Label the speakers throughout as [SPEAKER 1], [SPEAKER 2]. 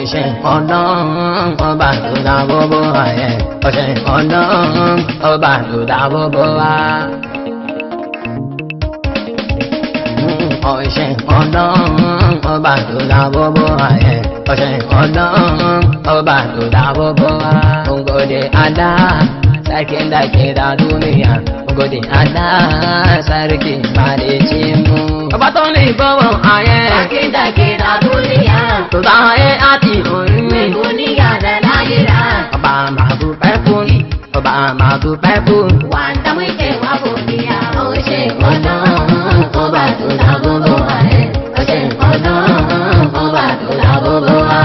[SPEAKER 1] ọ̀ṣẹ́ ọlọ́run ọba tó dá gbogbo ayẹ ọ̀ṣẹ́ ọlọ́run ọba tó dá gbogbo wa. ọ̀ṣẹ́ ọlọ́run ọba tó dá gbogbo ayẹ ọ̀ṣẹ́ ọlọ́run ọba tó dá gbogbo wa. ògòdè adá sarkin da ke da duniya gode Allah sarki malikin mu. Ọba tó ní ìbọ̀wọ̀ ayẹ. Sarkin da tọ̀dáyé àti òun mi.
[SPEAKER 2] Èkó níyàrá láyé rà.
[SPEAKER 1] Ọba àmàdùpẹ́ fún mi. Ọba àmàdùpẹ́ fún mi.
[SPEAKER 2] Wà á dáwọ́ ìpè wá bò ní àwọn ṣe nǹkan náà. Ọba tó ta gbogbo wa rẹ̀. Ó ṣe nǹkan náà. Ọba tó ta gbogbo wa.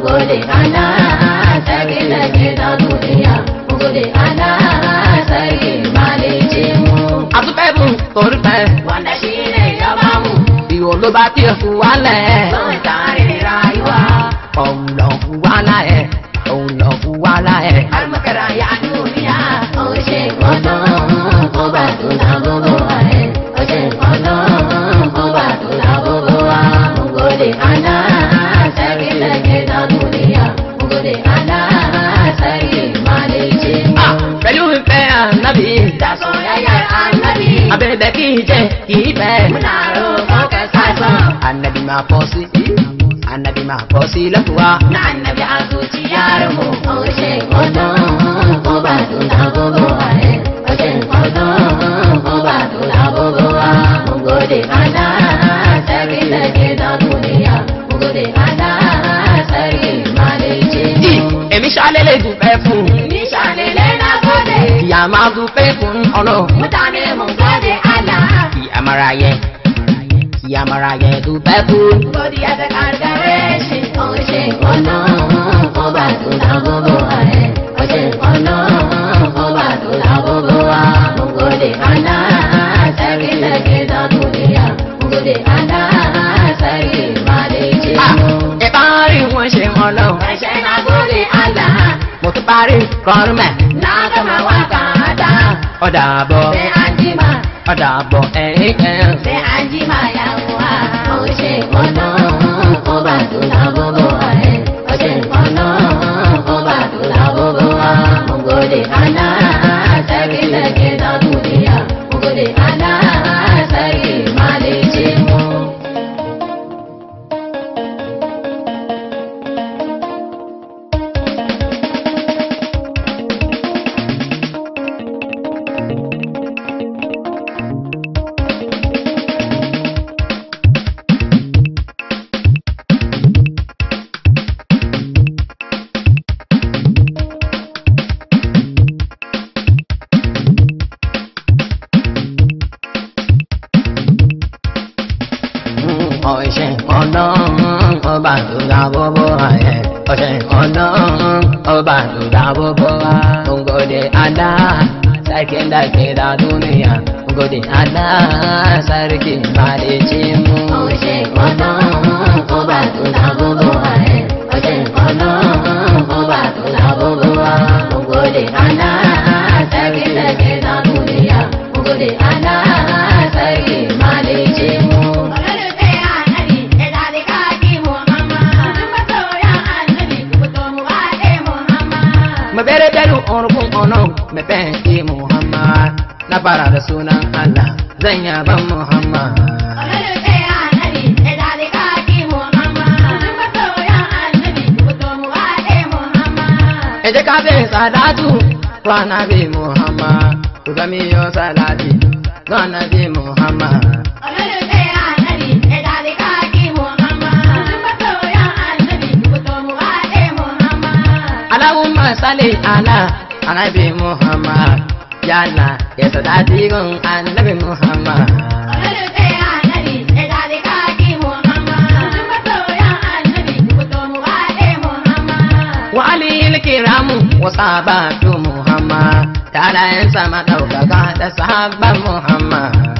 [SPEAKER 2] Ngòlè kánà sẹ́gìlẹ́gì lọ́dún
[SPEAKER 1] bẹ kí n jẹ kì í bẹ. na kọ́kẹ́ sásán. ànàbì máa pọ̀ sí. ànàbì máa pọ̀ sí lọ́kùwá. nànàbì àgùntì
[SPEAKER 2] yàrá mu. ó ṣe kọ́tán kó bá dùn lágbógbó wa rẹ̀. ó ṣe kọ́tán kó bá dùn lágbógbó wa. ògòdè bàdá sẹ́kìlẹ́kì dọ́kùnìyà. ògòdè bàdá sẹ́kì màlẹ́jì.
[SPEAKER 1] èmi ṣàlẹ́lẹ̀ jù fẹ́ fún. èmi ṣàlẹ́lẹ̀ náà kọ́lẹ̀. ìyá máa dùn
[SPEAKER 2] fẹ́ fún ọ̀nà. mútàní mú káde
[SPEAKER 1] ya mara ya dupepu bodi
[SPEAKER 2] ya kargare shi o ṣe ọ̀nà ọba tó lábọ́bọ́ ẹ̀ o ṣe ọ̀nà ọba tó lábọ́bọ́ wa ngode ana sẹ́rí lẹ́kẹ́ dánú níyà ngode ana sẹ́rí ìbàdí jẹ́ mọ́.
[SPEAKER 1] ìbárí wọn ṣe wọn lọ. ẹ̀ṣẹ̀
[SPEAKER 2] náà gbọ́dọ̀ àlá.
[SPEAKER 1] mo tún parí kọrin mẹ́.
[SPEAKER 2] náà kọ́ máa wá kàá dá.
[SPEAKER 1] ọ̀dà bọ̀. ṣé àǹtí máa ọ̀dà bọ̀ ẹ̀rín kan.
[SPEAKER 2] ṣé ajímà yàwó wa ó ṣe kọ́nà ó bá tó lábọ́bọ́ wa ó ṣe kọ́nà ó bá tó lábọ́bọ́ wa mo gbọ́dọ̀ kánà.
[SPEAKER 1] gbogbo ayẹ ọ̀sẹ̀ ọ̀nà ọba àdúrà gbogbo wa. ngode ada sarkin da ke da duniya ngode ada sarkin ba da ce mu.
[SPEAKER 2] ọ̀sẹ̀ ọ̀nà ọba àdúrà gbogbo ayẹ ọ̀sẹ̀ ọ̀nà ọba àdúrà gbogbo wa. ngode ada sarkin da ke da duniya ngode ada. bere
[SPEAKER 1] dalu orkun onon me ben ki muhammad na fara da sunan allah zan yaban muhammad Eje ka be salatu wa nabi Muhammad, ku ga mi yo salati, Muhammad. salli ala annabi muhammad ya na ya sadati gun annabi muhammad wa kiramu wa sabatu muhammad ta ala yin sama ɗaukaka da sahabban muhammad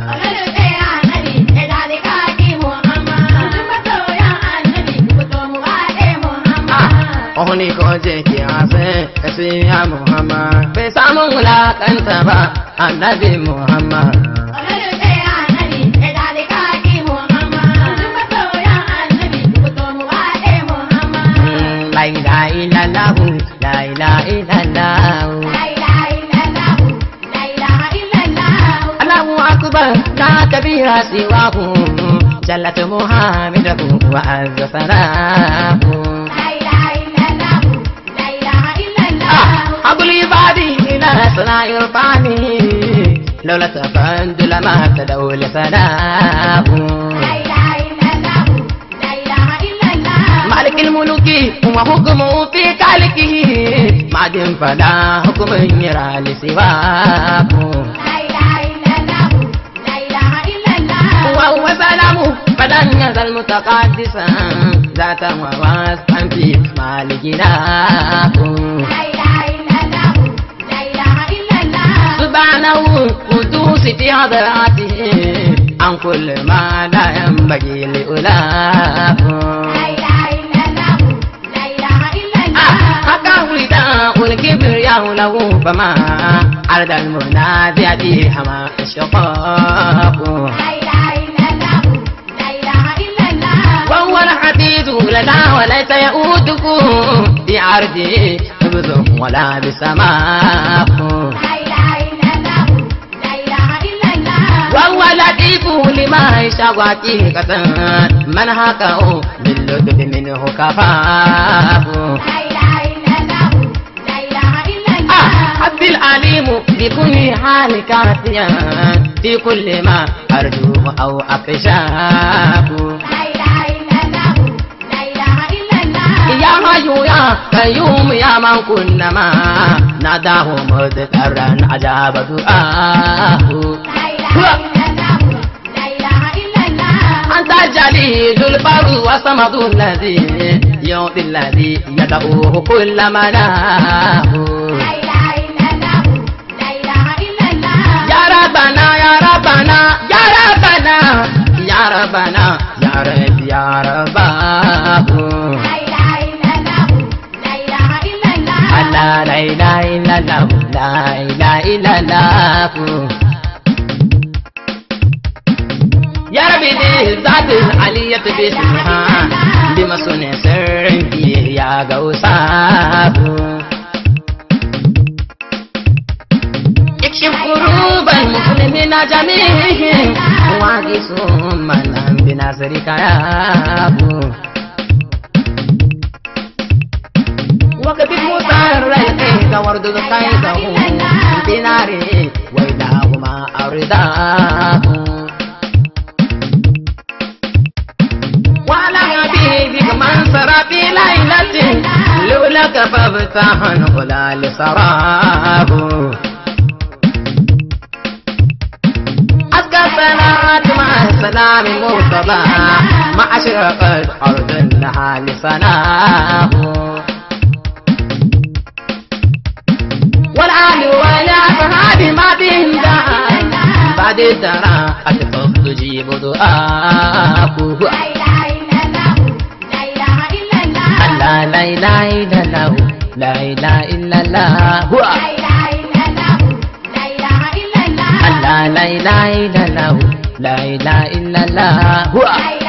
[SPEAKER 1] ohuni ko je ki ase esi ya muhammad bai samu wulakanta ba annabi muhammad كبيرة سواه جلت محامده وعز ثناه
[SPEAKER 2] أبو العبادي ناس لا
[SPEAKER 1] يرفعني لولا تفند لما اهتدوا لفناه مالك الملوك وحكمه في كالكه معدن فلا حكم يرى الله
[SPEAKER 2] وهو سلامه فلن
[SPEAKER 1] يزل متقدسا ذات وواسطا في مالك جناه سبحانه قدوس في حضراته عن كل ما لا ينبغي لأولاه
[SPEAKER 2] حقه رداء
[SPEAKER 1] الكبرياء له فما عرض لا إله إلا الله وهو الحديث لنا وليس يؤودكم بعرضه حفظ ولا بسماق شواكي كسان من هكاو باللطف منه كفاف آه، عبد العليم بكل حال كافيا في كل ما أرجوه أو أكشاف قيوم يا من كنما ناداه مذكرا أجاب دعاه أنت جليل البر وصمد الذي يعطي الذي يدعوه كل ما دعاه
[SPEAKER 2] يا ربنا يا ربنا يا ربنا
[SPEAKER 1] يا ربنا يا رب يا رباه
[SPEAKER 2] لا إله
[SPEAKER 1] إلا الله لا إله إلا الله yarbe ne zatin
[SPEAKER 2] ali ya tafi suha bi masu
[SPEAKER 1] ne sirrin biye ya ga usabu
[SPEAKER 2] ikshin kuruban musulmi na jami'in wagi
[SPEAKER 1] su manan bi nasiri kayabu waka bi rai ga wardu kai ga binari, wai da kuma aure
[SPEAKER 2] حبيبك من سرى ليلة لولا
[SPEAKER 1] كففت عن غلال سراه أزكى الصلاة مع السلام مرتضى مع شرقت أرض لها لسناه
[SPEAKER 2] والآل والأصحاب ما بهم داعي
[SPEAKER 1] بعد ترى أتفض تجيب دعاءه la ilaha la ilaha illallah la
[SPEAKER 2] ilaha illallah
[SPEAKER 1] la ilaha illallah